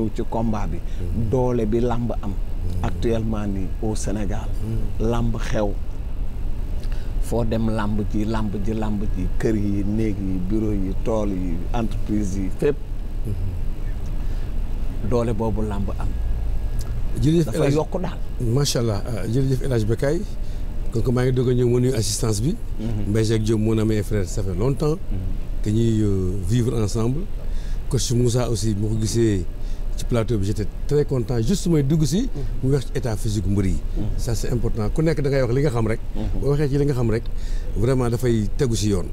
ñëw ci combat bi doole bi làmb am actuellement nii au Sénégal làmb xew foo dem làmb ji làmb ji làmb ji kër yi néeg yi bureau yi tool yi entreprise yi fépp doole boobu làmb am jërëjëf dafa yokk daal macha allah ah, jërëjëf El Hadj maa ngi doog ñëw ma nuyu assistance bi mhm. Mbaye Jacques Diop mon ami et frère ça fait longtemps mhm. que ñuy euh, vivre ensemble coach Moussa aussi moo ko gisee ci plateau bi j'étais très content juste mooy dugg si mu wax ci état physique mbër yi ça c'est important ku nekk da ngay wax li nga xam rek boo waxee ci li nga xam rek vraiment dafay tegu si yoon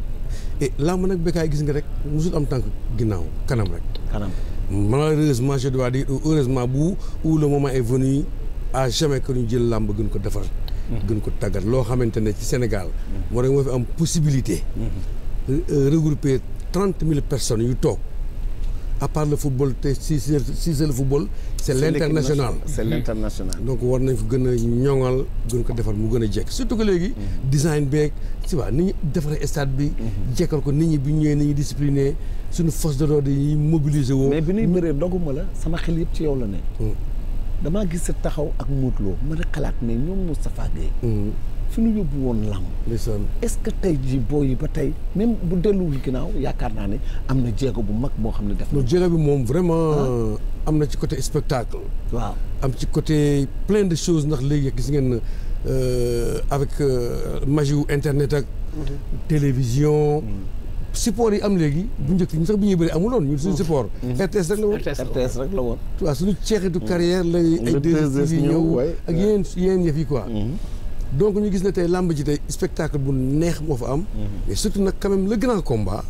et làmb nag Bécaye gis nga rek musul am tànk ginnaaw kanam rek kanam malheureusement je dois dire heureusement bu où le moment est venu à jamais que ñu jël làmb gën ko defar gën ko tàggat loo xamante ne ci Sénégal moo rek moo fi am possibilité mm-hmm. euh, regrouper trente mille personnes yu toog à part le football te si si c'est le football. c'est l'international c'est hmm. l'international donc war nañ ko gën a ñoŋal gën ko defar mu gën a jekk surtout que léegi. Hmm. design beeg si waa ni ñu defaree stade bi. Hmm. jekkal ko nit ñi bi ñëwee nañu discipliné suñu force de l'ordre yi mobiliser woo. mais bi ñuy bëree doguma la sama xel yëpp ci yow la ne. damaa gis sa taxaw ak Modou Lo ma ne xalaat ne ñoom Moustapha Gueye. fi ñu yóbbu woon làmb est-ce que tey ji boo yi ba tey même bu delluwul ginnaaw yaakaar naa ne am na jéego bu mag moo xam ne def na jéego bi moom vraiment ah. am na ci côté spectacle waaw am ci côté plein de chose ndax léegi gis ngeen euh, avec euh, magie wu internet ak mhm. télévision mm. support yi am léegi bu njëkk ñu sax bu ñuy bëri amuloon ñun suñu mm. support mm-hmm. RTS rek la woon RTS rek la woon waaw suñu ceexitu mm. carrière lay ay deux ñëw ak yeneen yeneen yëf yi quoi mm-hmm. donc ñu gis ne tey làmb ji de spectacle bu neex moo fa am. Mhm. et surtout nag quand même le grand combat.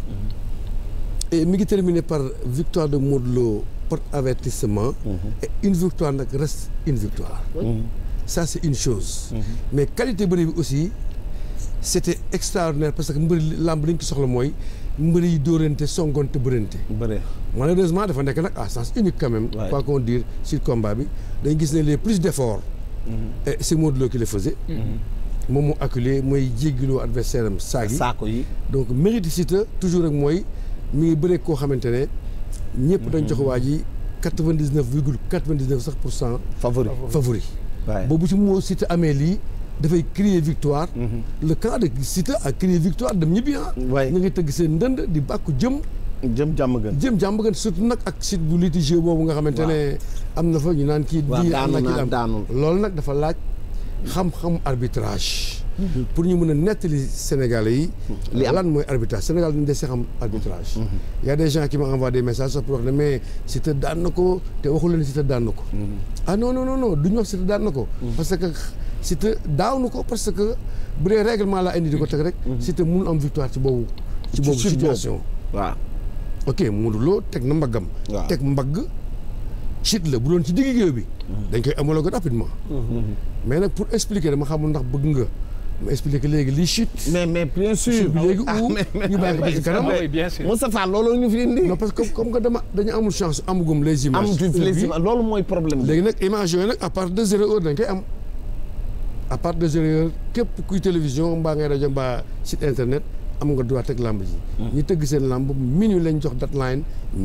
Mhm. et mi ngi terminé par victoire de Modou Lo porte avertissement. Mhm. et une victoire nag reste une victoire. ça c' est une chose. mais qualité bëri bi aussi c' était extraordinaire parce que mbëri làmb li ñu ko soxla mooy mbëri yi dóorante songante bërante. malheureusement dafa nekk nag à ah, sens unique quand même. quoi qu'on dire sur combat bi dañ gis ne les plus de efforts. et c'est Modou Lo qui le faisait. Mm-hmm. moom mu acculé mooy jéggiloo adversaire am saag yi saako yi. donc mérite Siteu toujours rek mooy mu ngi bëre koo xamante ne. ñëpp dañ jox waa ji quatre vingt dix neuf sax pour cent. favori favori. boobu ci mu Siteu amee lii dafay crier victoire. Mm-hmm. le camp de Siteu a crié victoire dem ñibbi ah. ñu ngi tëgg seen ndënd di bàkku jëm. jëm jàmm gën jëm jàmm gën surtout nag ak site bu litigieux boobu nga xamante ne am na fa ñu naan kii di am na kii nag dafa laaj xam-xam arbitrage mhm. pour ñu mën a nettali Sénégalais yi li lan mooy arbitrage Sénégal dañu des si xam arbitrage mhm. y a des gens qui m'envoient des messages sax pour wax ne mais si daan na ko te waxu leen si te daan na ko mhm. ah non non non non du ñu wax si daan na ko parce que si te daaw ko parce que bu dee règlement laa indi di ko teg rek si te mënul am victoire ci boobu ci boobu situation waaw ok Modou loo teg na mbaggam. teg mbagg. chute la bu loon ci digg géew bi. Mm-hmm. dañ koy homologué rapidement. Mm-hmm. mais nag pour expliquer dama xamul ndax bëgg nga. ma expliquer léegi lii chute. bi léegi uu ah, ñu bàyyi ko ba ci kanam. Moustapha loolu ñu fi indi. non parce que comme que dama dañu amul chance amugum les loolu mooy problème léegi nag image yooyu nag à part de zéro heure dañ koy am. à part de zéro heure képp kuy télévision mbaa ngay rajo mbaa site internet. am nga droit teg làmb ji. Mm-hmm. ñi tëgg seen làmb minuit lañ jox deadline.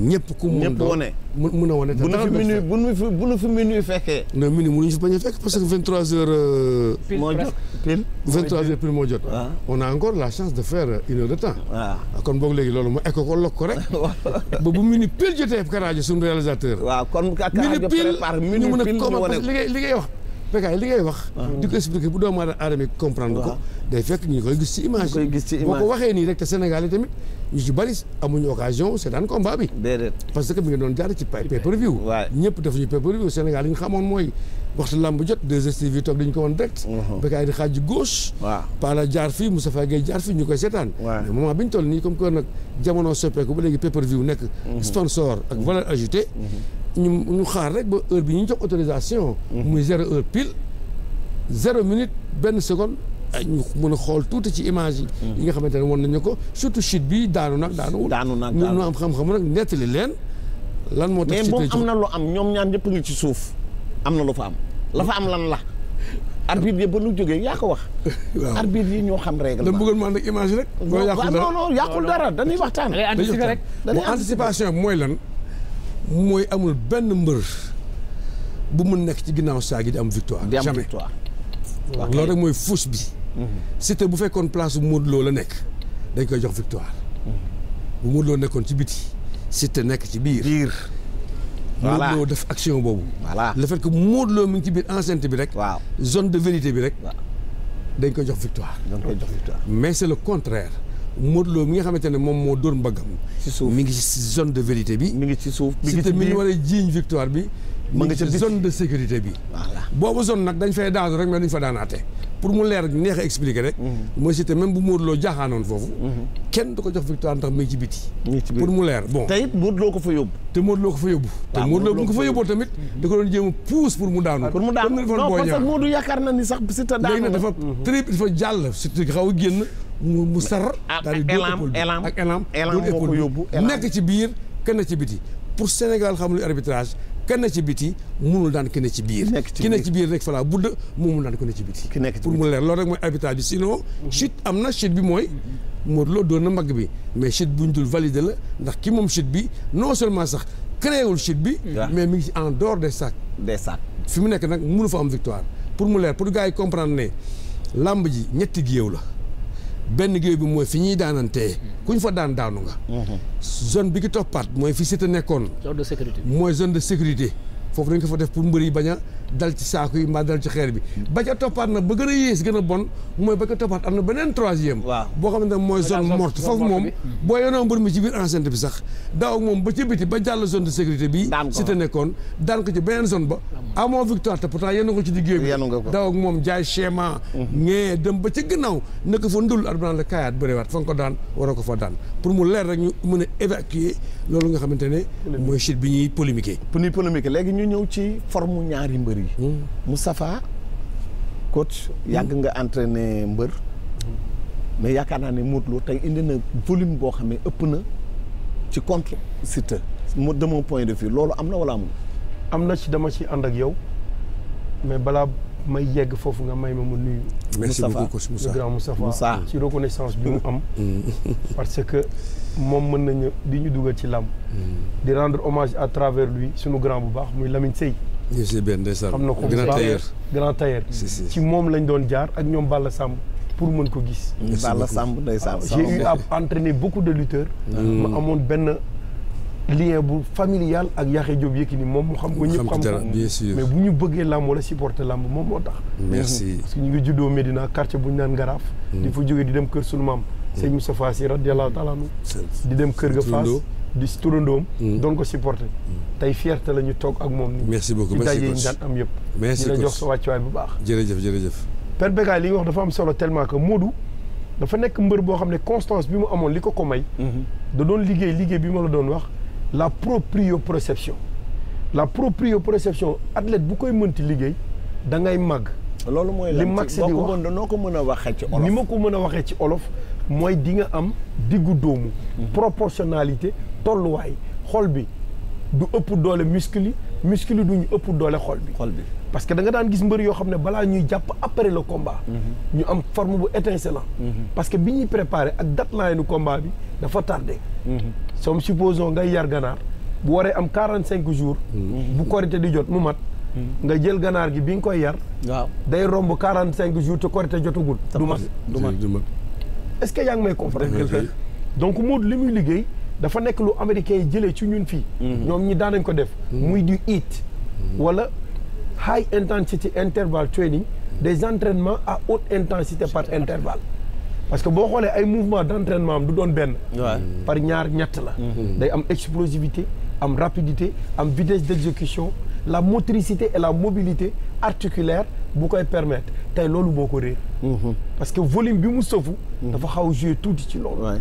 ñëpp ku mun doon ñëpp mun a wane. bu na fi minuit bu nu fi bu nu fi minuit fekkee. non minuit mënuñu fi bañ a fekk parce que 23h. Euh, pile moo jot pile. 23h ah. pile moo jot. on encore la chance de faire une heure de temps. Ah. kon boog léegi loolu mu ekk ko lokk ko rek. ba bu minuit pile jotee Karajo suñu réalisateur. waaw kon Karajo prépare minuit pile ñu wane ko minuit a commencé li ngay li wax. pekaay li ngay wax di ko expliqué bu doomu aadama comprendre ko day fekk ñu koy gis ci image boo ko waxee nii rek te Sénégal yi tamit ñu ci bari amuñu occasion seetaan combat bi parce que mu ngi doon jaar ci pay per view ñëpp dafa ñu pay view Sénégal yi nga xamoon mooy waxtu làmb jot 2STV toog dañu ko woon direct. Uh-huh. béykat yi di xaaj gauche. waaw Paala jaar fi Moustapha Gueye jaar fii ñu koy seetaan. mais moment bi ñu toll nii comme que nag jamono soppeeku ba léegi pay-per-view nekk. Uh-huh. sponsor ak valeur uh-huh. ajoutée. ñu ñu xaar rek ba heure bi ñu jox autorisation. muy zéro heure pile. zéro minute benn seconde. ñu mën a xool tuuti ci image yi. nga xamante ne woon ñu ko surtout chute bi daanu nag daanu. daanu nag daanu ñu am xam-xamu nag nettali leen. lan moo tax mais moom am am ñoom ñaan ñëpp ngi ci suuf. am na lu fa am la fa am lan la arbitre yi ba nu jógee yaa ko wax waaw arbitre yi ñoo xam règle la bëggoon ma ànd ak image rek non non yàqul dara dañuy waxtaan rek anticipation mooy lan amul benn mbër bu mu nekk ci ginnaaw saa gi di am victoire di am victoire loolu rek mooy fausse bi Siteu mhm. bu fekkoon place bu Modou Lo la nekk dañ koy jox victoire mhm. bu Modou nekkoon ci biti Siteu nekk ci biir voilà Modou Lo def action boobu. voilà le fait que Modou Lo mi ngi ci biir enceinte bi rek. waaw zone de vérité bi rek. dañ ko jox victoire. dañ koy jox mais c' le contraire. Modou Lo mi nga xamante ne moom moo doon mbagam. ci suuf mi ngi ci zone de vérité bi. mi ngi ci suuf mi te ci mi ngi war a jiiñ victoire bi. man nga ca biir zone de sécurité bi. voilà boobu zone nag dañ fay daanu rek mais duñ fa daanaate pour mu leer neex a expliqué rek. Mhm. mooy cité même bu Modou Lo jaaxaanoon foofu. Mhm. kenn du ko jox victoire ndax mi ci biti. pour mu leer bon te it ko fa yóbbu. te Modou Lo ko fa yóbbu. te Modou Lo bu ko fa yóbbu tamit. da ko doon jéem a pousse pour mu daanu. pour mu daanu non mhm. a génn mu mu sar. daal di dóor épaule bi ak élam. élam moo ko yóbbu nekk ci biir kenn ci biti pour Sénégal xam lu arbitrage kenn ci biti munul daan ki ne ci biir ki ne ci biir rek falaa budd moo mun daan ko ne ci biti pour mu leer loolu rek mooy arbitrage bi sinon mhm. chute am na chute bi mooy Modou Lo doon na mag bi mais chute bu ñu dul validé la ndax ki moom chute bi non seulement sax créewul chute bi mais mi ngi ci en dehors des sacs des sacs fi mu nekk nag mënu fa am victoire pour mu leer pour gars yi comprendre ne làmb ji ñetti géew la benn géew bi mooy fi ñuy daanantee mm-hmm. kuñ fa daan daanu nga mm-hmm. zone bi ki toppaat mooy fi Cité nekkoon zone sécurité mooy zone de sécurité foofu dañ fa def pour mbër yi bañ a dal ci saaku yi mbaa dal ci xeer bi ba ca toppaat na ba gën a yées gën a bon mooy ba ca toppaat am na beneen troisième boo xam ne mooy zone hmm. bi sax daaw moom ba ca biti bi si te nekkoon daan ko ba hmm. amoo victoire te pourtant yenu ko ci diggéey bi daaw moom jaay schéma ñee hmm. dem ba ne mooy chute bi ñuy polémiquer pour ñuy polémiquer léegi ñu ñëw ci forme ñaari mbër yi. Moustapha coach yàgg nga entraîné mbër. mais yaakaar naa ne Modou Lo tey indi na volume boo xam ne ëpp na ci contre Siteu mu de point de vue loolu am na wala amul. am na ci dama ci ànd ak yow mais balaa may yegg foofu nga may ma mu nuyu. merci beaucoup coach Moussa le grand Moustapha ci reconnaissance bi mu am. parce que moom mën nañu di ñu duggal ci làmb. Mm. di rendre hommage à travers lui sunu grand bu baax muy Lamine Seye. xam na ko grand tailleur ci moom lañ doon jaar ak ñoom Balla Samb pour mën ko gis Balla Samb ndeysaan ah, j'ai eu à entraîner beaucoup de lutteurs hmm. ma amoon benn lien bu familial ak Yaxya Diop Yékini moom mu xam ko ñëpp xam ko bien sûr mais bu ñu bëggee làmb wala supporter làmb moom moo tax merci parce que ñu ngi juddoo Médina quartier bu ñu naan Ngaraaf hmm. di fa jógee di dem kër sunu maam sëñ hmm. Moustapha Sy radiyallahu taala anhu di dem kër ga Fass di si turandoom. Mm. doon ko supporter. Mm. tey fierté la ñu toog ak moom. merci beaucoup merci coach ci am yëpp. merci coach di la jox sa bu baax. jërëjëf jërëjëf. Père li nga wax dafa am solo tellement que Modou dafa nekk mbër boo xam ne constance bi mu amoon li ko ko may. Mm-hmm. da doon liggéey liggéey bi ma la doon wax la proprioception. la proprioception athlète bu koy mënti liggéey da ngay màgg. loolu mooy li Max di wax noo ko mën a waxee ci olof. ni ma ko mën a waxee ci olof mooy di nga am diggu dóomu. Mm-hmm. proportionnalité. tolluwaay xol bi du ëpp doole muscle yi muscle yi duñu ëpp doole xol bi. xol bi parce que da nga daan gis mbër yoo xam ne balaa ñuy jàpp après le combat. Mhm. ñu am forme bu étincelant. Mhm. parce que bi ñuy préparé ak deadline nu combat bi dafa tardé. Mhm. soom supposons ngay yar ganaar bu waree am quarante cinq jours. bu korité di jot mu mat. nga jël ganaar gi bi nga koy yar. waaw day romb quarante cinq jours te korité jotagul. du mat du mat est-ce que yaa ngi may comprendre. donc Modou li muy liggéey. dafa nekk lu américain yi jëlee ci ñun fii. Mhm. ñoom ñi daanañ ko def. Mhm. muy du HIIT. Mhm. wala high intensity interval training des entraînements à haute intensité par interval parce que boo xoolee ay mouvement d' entraînement am du doon benn. par ñaar ñett la. day am explosivité am rapidité am vitesse d' exécution la motricité et la mobilité articulaire bu koy permettre tey loolu boo ko réer. parce que volume bi mu sëfu. dafa xaw a joué tuuti ci loolu.